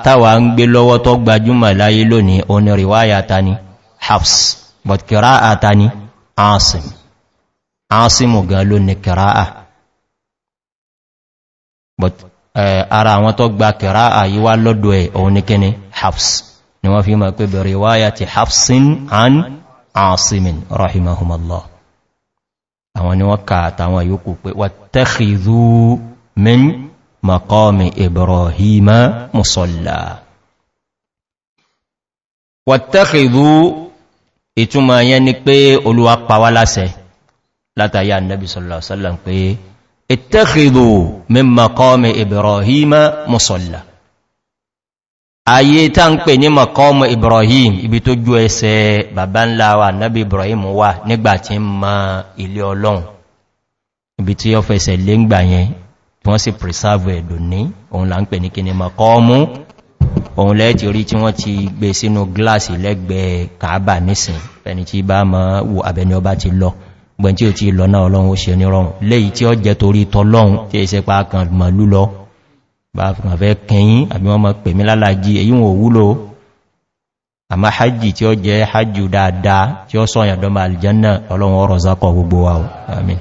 táwà ń gbé lọ́wọ́ tó gbajúmọ̀ láyé lónìí o ni riwaya tani hafs but kẹráà tani asim asimu gan ló ni kẹráà but Eh, ara àwọn tó gba kẹ̀rá àyíwá lọ́dọ̀ ẹ̀ òun ní kíni hafs ni wọ́n fi ma pé bẹ̀rẹ̀ wáyà ti hafsin an asimin rahimahumallah àwọn ni wọ́n ka àtàwọn yóò pé wà tẹ́kìdú min makọ́mi ibrahima musalla wà tẹ́kìdú ìtumọ̀ yẹn ni pé olúwa pàwálásẹ̀ látàyà nabi sallallahu alaihi wasallam pé ìtẹ́kìdò mímọ̀kọ́mì ìbìrọ̀hìmá mọ́sọ̀lá ayé tá ń pè ní mọ̀kọ́mù ìbìrọ̀hìm ibi tó jú ẹsẹ̀ bàbá ńlá wa nábi ìbìrọ̀hìm wà nígbàtí ma ilé ọlọ́run ibi tí ó fẹsẹ̀ lé ńgbà yẹn tí wọ́n sì preserve ẹ̀dùn ní òun là ń gbọ̀n tí ó ti lọ́nà ọlọ́run ó ṣe ní rọrùn léyìí tí ó jẹ́ torí tọ́lọ́run tí è ṣe pa kan màlú lọ bá kàn fẹ́ kẹyìn àbí wọ́n mọ́ pè mí lálàájí èyí wọn òwúlò àmá hajji tí ó jẹ́ hajjù dáadáa tí ó sọ́yàn dọ́mà aljanna ọlọ́run ọrọ̀ zákọ̀ gbogbo wa amin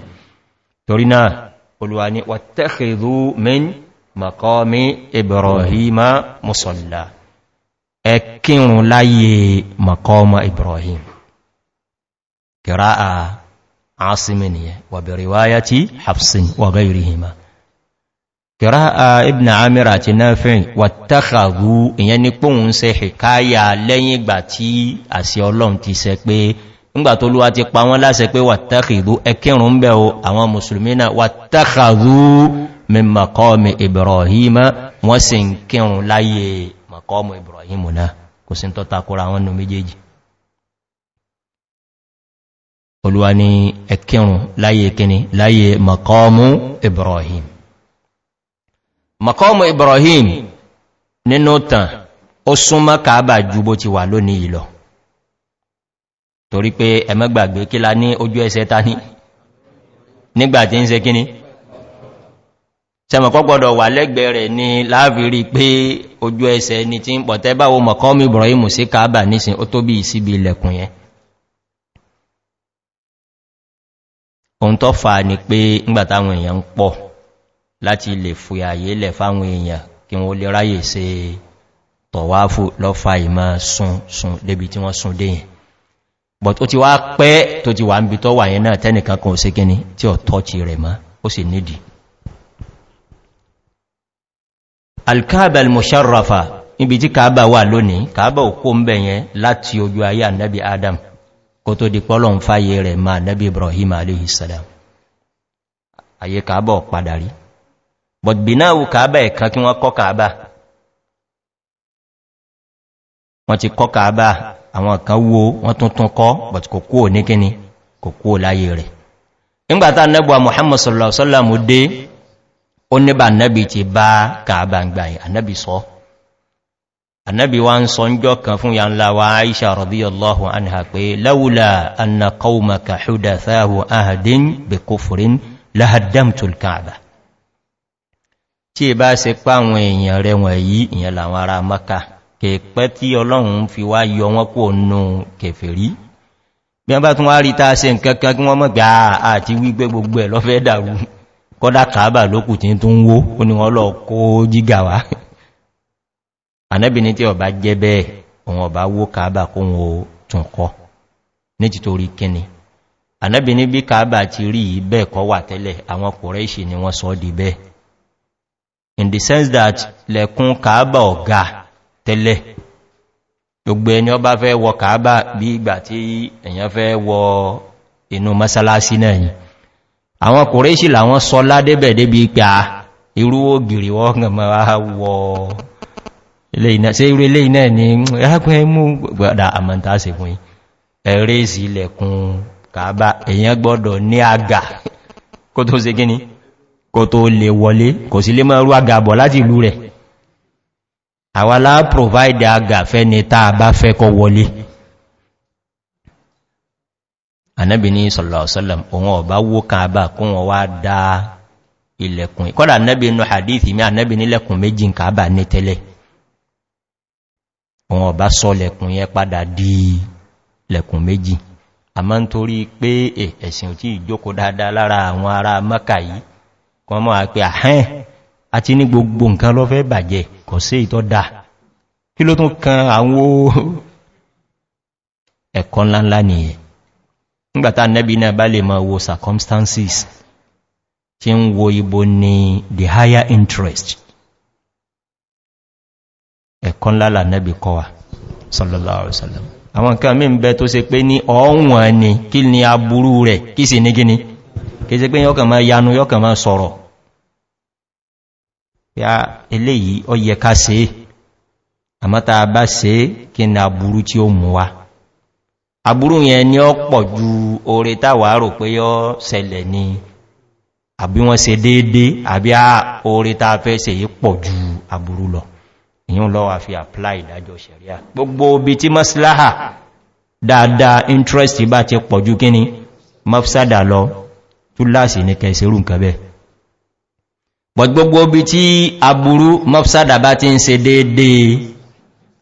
عاصم وبرواية حفص وغيرهما قراءة ابن عامر نافع واتخذوا يعني قوم سي حكاية لين يغباتي أسي الله تسيك بي ńgbà tó lúwá ti pa wọ́n láṣẹ pé wàtàkìdú ẹkẹrùn ún bẹ̀ o àwọn musulmi náà wàtàkàdú mẹ́màkọ́mì ibrahim wọ́n sì ń kírùn láyé màkọ́mù ibrahim náà kò sí tọ́ta kóra wọn nù méjèèjì olúwa ni ẹkẹrùn láyé kíni láyé makọ́mù ibrahim makọ́mù ibrahim nínú tàn ó súnmọ́ kàábà ju bó ti wà lónìí ìlọ torí pé ẹmẹ́gbàgbé kí la ní ojú ẹsẹ ta ní nígbàtí ń se kíni sẹmọ̀kọ́ gbọdọ̀ wà lẹ́gbẹ̀ẹ́ rẹ̀ ni láàfírí pé ojú ẹsẹ ni ti ń pọ̀tẹ́ mọ̀kọ́mù ibrahim sí kàábà nísin ó tó bí ìsíbi ilẹ̀kùn yẹn ohun tó fa ni pé ngbàtàwọn èèyàn ń pọ̀ láti lè fòyàyé lẹ̀ fáwọn èèyàn kí wọ́n lè ráyè se tọ̀wáfò lọ́fà ìmá sun sun débi tí wọ́n sun déyìn but ó ti wá pẹ́ tó ti wà ń bí tọ́ wà yẹn náà tẹ́nìkan kan sí gíní tí ọ̀ tọ́ọ̀tì rẹ̀ mọ́ ó sì nídìí kò tó di pọ́lọ̀ ń fáyé rẹ̀ máa nẹ́bí ibrahim aléhìsàdám ayé kàábọ̀ padà rí but bí náà wù kàábà ẹ̀kan kí wọ́n kọ́ kàábà wọ́n ti kọ́ kàábà àwọn kan wo wọ́n tún kọ́ but kò kúò ní kíni kò kúò láyé rẹ̀ nígbàtà nẹ́bùwa muhammad sallallahu alaihi wasallam dé ó níbà nẹ́bì ti bá annabi wa n sọ njọ́ kan fún ya ńlá wa aisha radiyallahu an ha pé laula anna qaumaka hudathahu ahadin bi kufrin lahaddamtul ka'ba tí bá ṣe pa àwọn èyàn rẹ̀ wọ̀n yí ìyẹn làwọn ará maka ke pẹ́ tí Ọlọ́run fi wá yọ wọn kú onu kèfèrí bí wọ́n bá tún wá rí ta ṣe nǹkan kan kí wọ́n mọ̀ gbà àti wígbé gbogbo ẹ̀ lọ́fẹ́ dàrú kọ́dá kàábà lókù tí tún wó ó ní wọ́n lọ kó jígà anábìní tí ọba jẹ́ bẹ́ẹ̀ òun ọba wó kàábà kó wọn ó tún kọ ní títorí kíni anábìní bí kàábà ti rí yìí bẹ́ẹ̀ kọ́ wà tẹ́lẹ̀ àwọn kòrẹ́ ìṣì ni wọ́n sọ di bẹ́ẹ̀ in the sense that lẹ́kún kàábà ọ̀gá tẹ́lẹ̀ gbogbo ẹni ọba fẹ́ wọ kàábà bí ìgbà tí èyàn fẹ́ wọ inú masalasi náà yìí àwọn kòrẹ́ ìṣì làwọn sọ ládẹ́bẹ̀ débi pé irú ògìrì wọ́n ilé iná sí irú ilé iná ni ẹkùn ẹmú gbọ́dá àmọ́ta sí fún ẹ̀rẹ́ sí ilẹ̀kùn kàábà èyàn gbọ́dọ̀ ní àgà kó tó se gíní kó tó lè wọlé kò sí lè mọ́rú àgà bọ̀ láti ìlú rẹ̀ àwálá provide àgà fẹ́ ni táa bá fẹ́ kọ wọlé anábìní sọ̀lọ̀ọ̀sọ́lọ̀m òun ọ̀bá wó kàábà kún wọn wá dá ilẹ̀kùn kọ́dà anábìnú hadith mi anábìnilẹ̀kùn méjì kàábà ní tẹ́lẹ̀ wọn ọba sọ lẹ̀kùn yẹ padà di lẹ̀kùn méjì a ma ń torí pé eh, ẹ̀sìn tí ìjókò dáadáa lára àwọn ará mọ́kà yìí kan mọ́ àpẹ àhẹ́n àti ní gbogbo nǹkan lọ́fẹ́ bàjẹ́ kọ̀ sí ìtọ́ dà kí ló tún kan àwọn ẹ̀kọ́ ńláńlá nìyẹn nígbàtà nẹ́bí náà bá lè máa wo circumstances tí ń wo ibo ni the higher interest ẹ̀kọ́ ńlá nẹ́bì kọwà sallallahu alaihi wasallam àwọn nǹkan mí ń bẹ tó se ni kí ni aburú rẹ̀ kí sì yanu yọ́kàn máa sọ̀rọ̀ ya eléyìí ọ yẹ ká se àmọ́ta bá se kí ni aburú tí ó mú wa aburú yẹn ni ọ pọ̀ ju oore táwàá rò pé yọ́ sẹlẹ̀ ni àbí wọ́n se déédé àbí a oore ta fẹ́ se yí pọ̀ ju aburú lọ èyàn lọ́wà fi apply ìdájọ́ sẹ̀ríà gbogbo bí tí mọ́síláhà dáadáa interest bá ti pọ̀jú kíní mọ́fisádà lọ túláàsì ní kẹsìrù nǹkan bẹ́ but gbogbo bí tí aburú mọ́fisádà bá ti ń se déédéé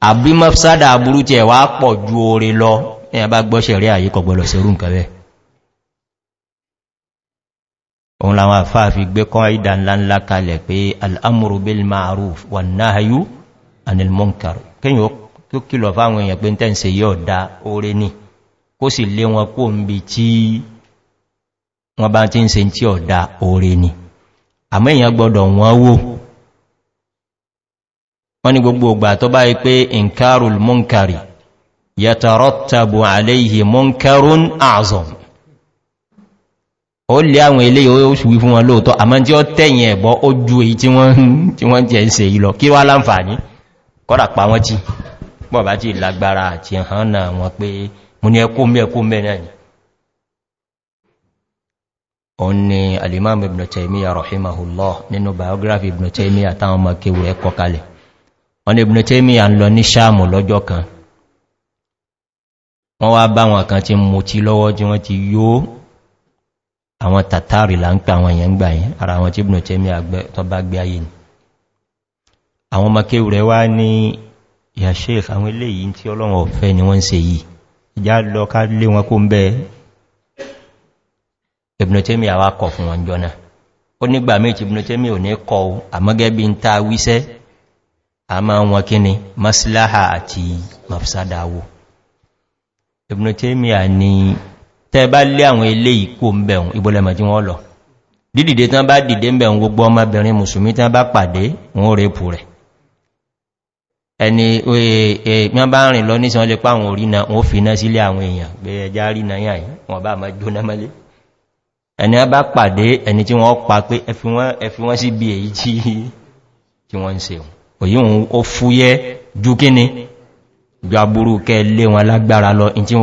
àbí mọ́fisádà aburú ti ẹ̀wà pọ̀ ju oore lọ ẹ̀yà bá gbọ́ sẹ̀ríà yí kọ̀gbọ̀lọ̀ sẹ̀rù nǹkan bẹ́ òun làwọn àfáà fi gbé kọ́ ìdá ńláńlá kalẹ̀ pé al'amuru bil ma'aruf wà náà anil munkar kíyàn tó kìlọ̀ fáwọn èèyàn pé ń tẹ́ǹsẹ̀ yóò dá oore ní kó sì lé wọn kó ń bí tí wọ́n bá ti ń se tí ọ̀dá oore ní àmọ́ èèyàn gbọ́dọ̀ wọ́n wó wọ́n ni gbogbo ògbà tó bá yí pé inkarul munkari yàtàrọ́tàbù àléhì munkarun azọm ó lé àwọn ilé oṣù wí fún wọn lóòtọ́ àmọ́ tí ó tẹ̀yìn ẹ̀bọ́ ó ju èyí tí wọ́n ti ń se yìí lọ kí wá láǹfààní kọ́dà pa wọ́n tí bọ́ọ̀bá tí lágbára àti ẹ̀hán náà wọn pé mú ní ẹkú mẹ́ ẹkú mẹ́ náà ni òun ni alimami ibn taimiyya rahimahullah nínú biography ibn taimiyya táwọn ọmọ kéwò ẹkọ kalẹ̀ wọn ni ibn taimiyya ń lọ ní sáàmù lọ́jọ́ kan wọ́n wá bá wọn kan ti mú tí lọ́wọ́ tí wọ́n ti yó àwọn tàtàrí là àwọn èèyàn gbà yẹn ara àwọn tí ibn taimiyya tọ́ bá gbé ayé ni àwọn makéwù rẹ̀ wá ní ìyàṣẹ́ àwọn ilé yìí tí ọlọ́run ọ̀fẹ́ ni wọ́n ń se yìí ìjá lọ ká lé wọn kó ń bẹ́ ìbìnotẹ́mì àwá kọ̀ fún wọn jọ ó nígbà méjì ìbìnotẹ́mì ò ní kọ àmọ́gẹ́ bí ń ta wíṣẹ́ a máa wọn kí ni masláhà àti mafsadawo ìbìnotẹ́mì à ní tẹ́ bá lé àwọn ilé yìí kó ń bẹ̀rùn ìbólẹ́mọ̀ tí wọ́n lọ dídìde tán bá dìde gbogbo ọmọbìnrin mùsùlùmí tán bá pàdé wọn ó rèpù rẹ̀ ẹni èèyàn e, bá rìn lọ nísàn lè pàwọn orí na wọ́n fi iná sílé àwọn èèyàn bẹ̀rẹ̀ já rí na yáyìn wọ́n bá ma jóná mẹ́lé ẹni a bá pàdé ẹni tí wọ́n pa pé ẹfi wọ́n sí bí èyí tí wọ́n ń se òyí òun ó fúyẹ́ ju kíni ju agbúrú kẹ lé wọn lágbára lọ in tí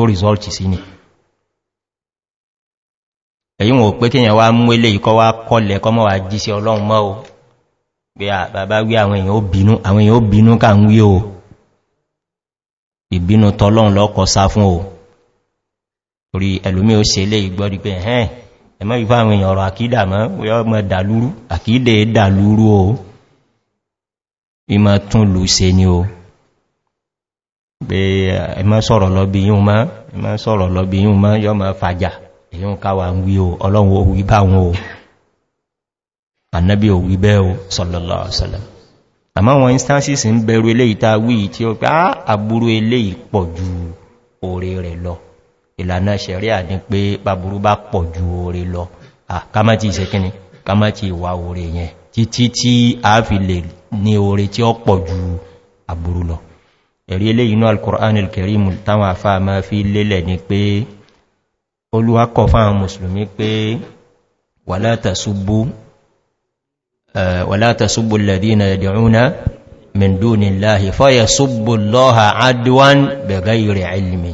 ó rìsọ́ọ̀tì ni èyí wọn ò pé kíyàn wá mú ilé ìkọ́ pé bàbá wí àwọn èèyàn ó bínú ká ń wí o ìbínú tọ́lọ́n lọ́kọ̀ sá fún o orí ẹlùmí ó se lé ìgbọ́dí pé ẹ̀hẹ́n ẹ̀mọ́ ìfà àwọn èèyàn ọ̀rọ̀ àkídà mọ́ ọmọ dàlúrú dàlúrú o ìmọ̀ tún lù se ni o pé sọ̀rọ̀ yíò mọ́ sọ̀rọ̀ yíò mọ́ yọ́ fàjà èyí ń káwà ń wí o ọlọ́run wí o annabi ò wí bẹ́ o sallallahu ala'asallam àmá wọn instances ń bẹ̀rù eléyìí ta wí tí ó pé á ah, àbúrú eléyìí pọ̀ ju oore rẹ̀ lọ ìlànà ṣẹ̀ríà ní pé bàbúrú bá pọ̀ ju oore lọ àkámátí ìṣẹ́kíní kámátí ìwà oore yẹn títí tí a fi lè ní oore tí ó pọ̀ ju àbúrú lọ ẹ̀rí eléyìí inú alkùrán alkẹrìmù táwọn àfáà máa fi lélẹ̀ ni pé olúwakọ̀ fáwọn mùsùlùmí pé wà ولا تسبوا الذين يدعون من دون الله فيسبوا الله عدوا بغير علم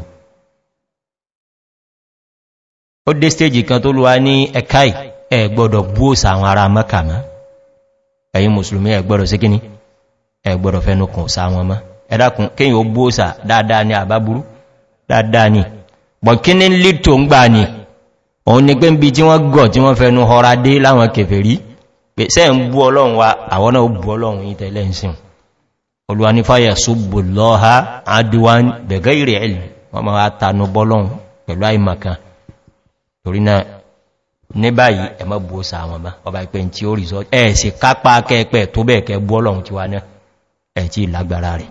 ó dé stéjì kan tó lúwa ní ẹ̀káì ẹ̀gbọ́dọ̀ búòsà àwọn ará mọ́kà mọ́ ẹ̀yìn musulmi ẹ̀gbọ́dọ̀ sí kíní ẹ̀gbọ́dọ̀ fẹ́nukùn sáwọn mọ́ ẹ̀dàkùn kíyàn ó búòsà dáadáa ní àbábúrú dáadáa ní bọ̀kíní lítò ń gbà ní òun ni pé ń bí tí wọ́n gọ̀ tí wọ́n fẹ́nu họra dé láwọn kèfèrí pé sẹ́ ń bú ọlọ́run wa àwọn náà bú ọlọ́run yí tẹ́lẹ̀ ń sin olúwa ní fáyà ṣúgbò lọ́ha adúwán bẹ̀gẹ́ ìrẹ̀ ẹ̀lì wọ́n máa tanú bọ́lọ́run pẹ̀lú àìmọ̀kan torí náà ní báyìí ẹ̀mọ́ bú ó sàwọn bá ọba ìpẹ́ tí ó rìsọ́ ẹ̀ sì kápá kẹ́ẹ̀pẹ́ tó bẹ́ẹ̀ kẹ́ bú ọlọ́run ti wá náà ẹ̀ tí lágbára rẹ̀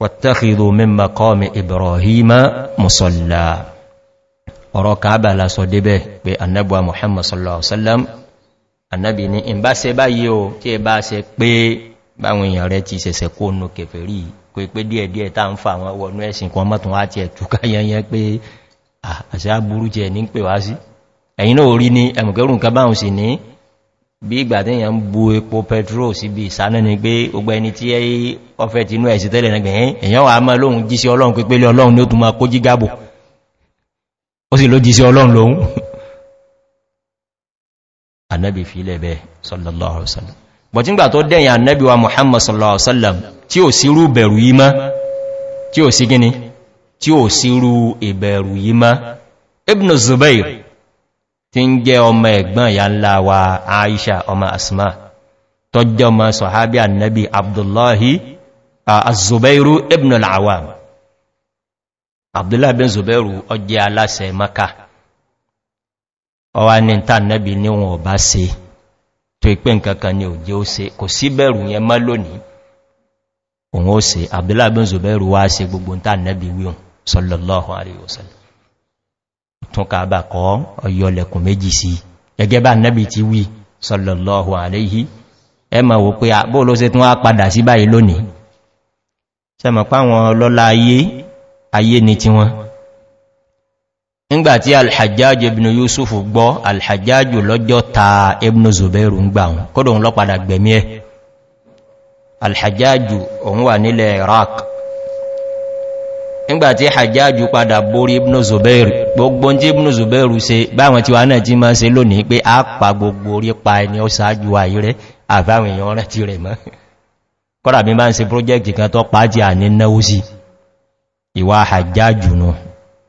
wàtàkìrò mímọ̀ kọ́ mi ìbọ̀rọ̀ hímọ̀ mùsọ̀lá ọ̀rọ̀ kàábà lásọ débẹ̀ pé annabuwa muhammad sallallahu ala'uwasallam annabi ni in bá se bá yí o tí ẹ bá se pé báwọn èèyàn rẹ ti sẹsẹ kó nù kẹfẹ̀rí kò pé díẹ̀díẹ̀ tá ń fa àwọn wọnú ẹ̀sìn kan mọ́tún wá ti ẹ̀tùká yẹnyẹn pé àṣẹ aburú jẹ ní pè wá sí ẹ̀yìn náà rí ní ẹmùkẹ́rùn kan báhùn sí ní bí ìgbà tí èèyàn bu epo petrol síbi ìsáná ni pé gbogbo ẹni tí ọfẹ́ tinú ẹ̀sì tẹ́lẹ̀ nẹgbẹ̀ẹ́ èèyàn wà á mọ́ lóhun jí sí ọlọ́run pípẹ́lẹ́ ọlọ́run ní ó tún máa kó jígábò ó sì ló jí sí ọlọ́run lóhun annabi fi lẹ́bẹ̀ sallallahu alaihi wasallam bọ̀tí ngbà tó dẹ̀yìn annabi wa muhammad sallallahu alaihi wasallam tí ò sírú bẹ̀rù yí má tí ò sí gíní tí ò sírú ìbẹ̀rù yí má ibn zubair ti ń jẹ́ ọmọ ẹ̀gbọ́n ya ńlá wa aisha ọmọ asma tọ́jọ́ ma sọ̀hábí annabi abdullahi azubairu ibn al'awam abdullahi bin zubairu ọjẹ́ aláṣẹ maka ọwá ní ta nẹ́bí níwọ̀n ọba se tó ipé nkankan ni òjé ó se kò sí bẹ̀rù yẹn mọ́ lónìí òun ó se abdullahi bin zubairu wá se gbogbo ta nẹ́bí wíhun sallallahu alaihi wasallam tún ká bà kọ́ ọyọ́lẹ̀kùn méjì sí gẹ́gẹ́ bá nẹ́bí alaihi ẹ ma wò pé ah, bóòlóse tún wá padà sí báyìí lónìí sẹ́mọ̀ páwọn ọlọ́lá ayé ayé ni ti wọn nígbàtí alhajjájú ibn yusuf gbọ́ alhajjájú lọ́jọ́ ta ibn zubairu ń gbà wọn kódò ń lọ́padà gbẹ̀mí ẹ̀ alhajjájú òun wà nílẹ̀ iraq nígbàtí hajjájú padà borí ibn zubairu gbogbo tí ibn zubairu se báwọn tí wà náà ti máa se lónìí pé a pa gbogbo orí pa ẹni ó sáájú àyírẹ́ àbáwọn èèyàn rántí rẹ̀ mọ́ kọ́dà se project kan tó pàájì ìwà hajjájù nù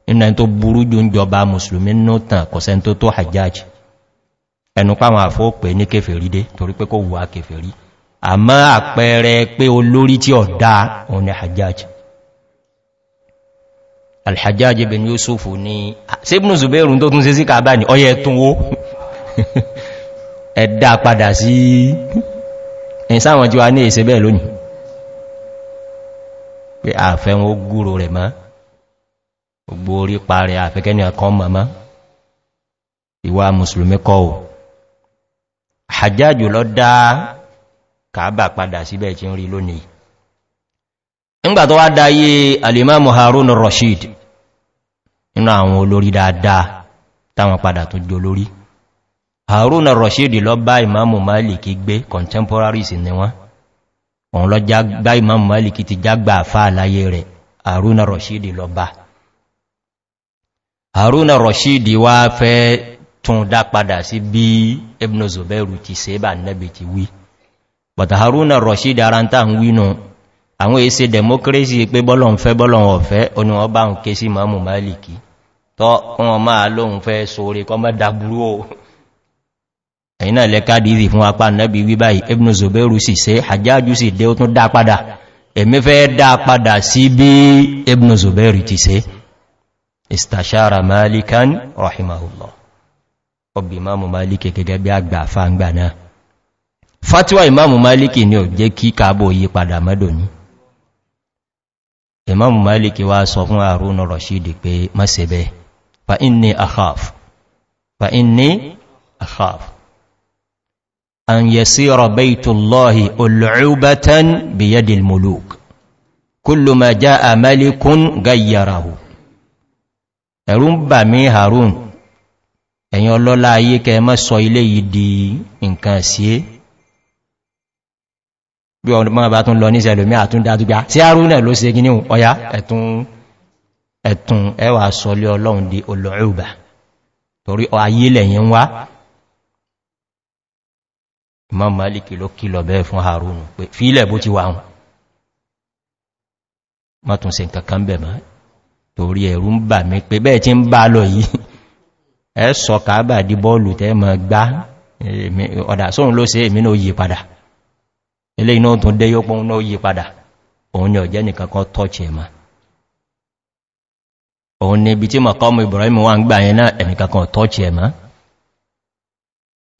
nínú ẹni tó burú jù ń jọba musulmi nù tàn kò sẹ́ni tó tó hajjájì ẹnu páwọn àfóòpẹ́ ní kèfèrí dé torí pé kò wà kèfèrí àmọ́ àpẹẹrẹ pé olórí tí ọ̀dá òun ni hajjájì alhajjájì bin yusuf ni sébùnù zubairu tó tún sí sí kàbá ní ọyẹ túnwó ẹ̀dá padà sí ẹ̀sáwọn tí ní ìsẹ́bẹ̀ lónìí pé àfẹ́ wọn ó gúrò rẹ̀ mọ́ gbogbo orí parẹ̀ àfẹ́kẹ́ni ọkàn mọ̀mọ́ ìwà musulmi kọ́ ò hajjájò lọ dá kàábà padà síbẹ̀ tí ń rí lónìí nígbà tó wá dáyé alimamu harun rashid inú àwọn olórí dáadáa táwọn padà tó jò lórí harun rashid lọ bá imamu maliki gbé contemporaries ni wọ́n òun lọ jágbá imam maliki ti jágbà àfá àláyé rẹ̀ haruna rashidi lọ bá haruna rashidi wá fẹ́ tún dá padà sí bí ibn zubairu ti sẹ́bà nẹ́bì ti wí but haruna rashidi ara ń tà ń wínú àwọn èsè democracy pé bọ́lọ̀ ń fẹ́ bọ́lọ̀ ọ̀fẹ́ oní wọ́n bá ń ké sí imam maliki tọ́ wọn máa lóhun fẹ́ sóre kọ́ mọ́ dábúrú o ẹ̀yìn náà lẹ́ká dìídì fún apá nẹ́bí wíbá ibn zubairu sì se hajjájú sì dé ó tún dá padà èmi fẹ́ dá padà sí bí ibn zubairu ti se istashara malikan rahimahullah ọbí imamu maliki gẹ́gẹ́ bí àgbà fàǹgbà náà fatiwa imamu maliki ni ò jẹ́ kí káàbò yí padà mẹ́dò ní imamu maliki fa inni akhaf fa inni akhaf an yasira baitullahi ul'ubatan biyadil muluk kullu ma jaa malikun gayyarahu erun ba mi harun eyin olola aye ke ma so ile yi di nkan sie bi o ma ba tun lo ni selomi atun da dugba ti haruna lo se gini oya etun etun e wa so le olohun di ul'uba tori o aye leyin wa imam maliki ló kílọ̀ bẹ́ẹ̀ fún harun pé fílẹ̀ bó ti wà wọn má tún se nkankan bẹ̀ má torí ẹ̀rù ń bà mí pé bẹ́ẹ̀ tí ń bá lọ yìí ẹ sọ kàábà dí bọ́ọ̀lù tẹ́ mọ̀ gbá ọ̀dà sóhun ló se èmi náà yí padà ilé iná tún dé yóò pọ́n náà yí padà òun ni ọ̀jẹ́ nìkan kan tọ́ọ̀chì ẹ̀mà òun ni ibi tí mọ̀kọ́mù ibrahim wà ń gbà yẹn náà ẹ̀mìkankan tọ́ọ̀chì ẹ̀mà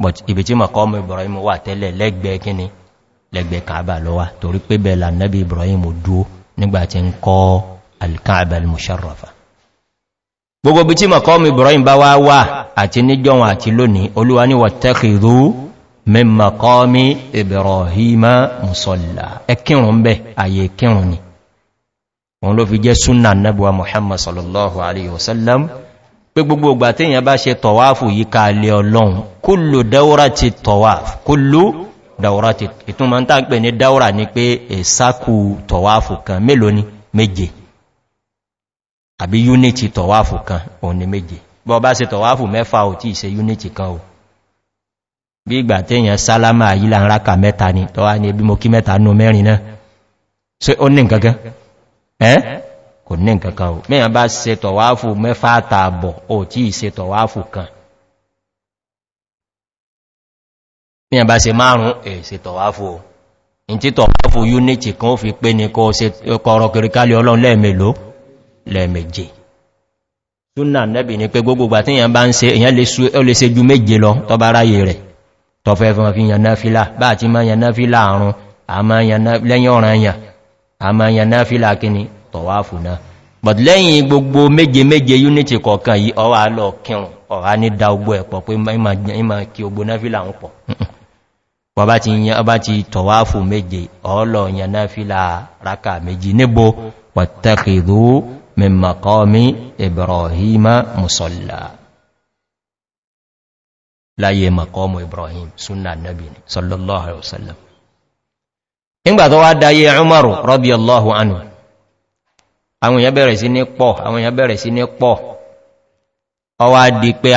but ibi tí mọ̀kọ́ ọmọ ibrahim wà tẹ́lẹ̀ lẹ́gbẹ̀ẹ́ kíni lẹ́gbẹ̀ẹ́ kaaba lọ wá torí pé bẹ̀lá nẹ́bí ibrahim dúó nígbàtí ń kọ́ alkaaba al-musharrafa gbogbo bí tí mọ̀kọ́ ọmọ ibrahim bá wá wà àti níjọun àti lónìí olúwa ní wàtẹ́kìrú mẹ́mọ̀kọ́mí ibrahima musalla ẹkírùn bẹ́ ayé kírùn ni wọn ló fi jẹ́ súnà nẹ́bùwa muhammad sallallahu alaihi wasallam pé gbogbo ìgbà tí èyàn bá ṣe tọ̀wáfù yí ká lè ọlọ́run kúlù dáúrà ti tọ̀wáfù kúlù dáúrà ti ìtúnmọ̀ tàà pè ní dáúrà ní pé ìsákù tọ̀wáfù kan mélòó ní méje àbí unity tọ̀wáfù kan òun ni méje bọ́ bá ṣe tọ̀wáfù mẹ́fà ò tí ìṣe unity kan o bí ìgbà tí èyàn sálámà yí là mẹ́ta ni tọ́wá ni ebi mo kí mẹ́ta nú mẹ́rin náà ṣe ó ní nǹkan gan ẹ́ kò ní nǹkankan o mẹ́yàn bá se tọ̀wáfù mẹ́fà àtààbọ̀ o tí ìse tọ̀wáfù kan mẹ́yàn bá se márùn èsè tọ̀wáfù o in tí tọ̀wáfù unity kan ó fi pé ní kọ́ ọ̀rọ̀ kìríkálì ọlọ́run lẹ́ẹ̀mẹ́lò lẹ́ẹ̀mẹ́je súnà nẹ́bì ni pé gbogbo gbà tí èyàn bá ń se èyàn lè se ju méje lọ tọ́ bá ráyè rẹ̀ àmà yàn lẹ́yìn tọ̀wáfù náà but lẹ́yìn gbogbo méje méje unity kọ̀ọ̀kan yìí ọwá lọ kírùn ọ̀rá ní dá ogbó ẹ̀pọ̀ pé ìmọ̀ kí ogbó náfílà ń pọ̀ wọ́n bá ti tọ̀wáfù méje ọlọ̀ yẹn náfílà rákà méjì níbo pàtàkìrú mẹ́màkọ́mí ibrahima musalla láyé makọ́mù ibrahim sunna nabi sallallahu alaihi wasallam àwọn èèyàn bẹ̀rẹ̀ sí ní pọ̀ àwọn èèyàn bẹ̀rẹ̀ sí ọwá di pé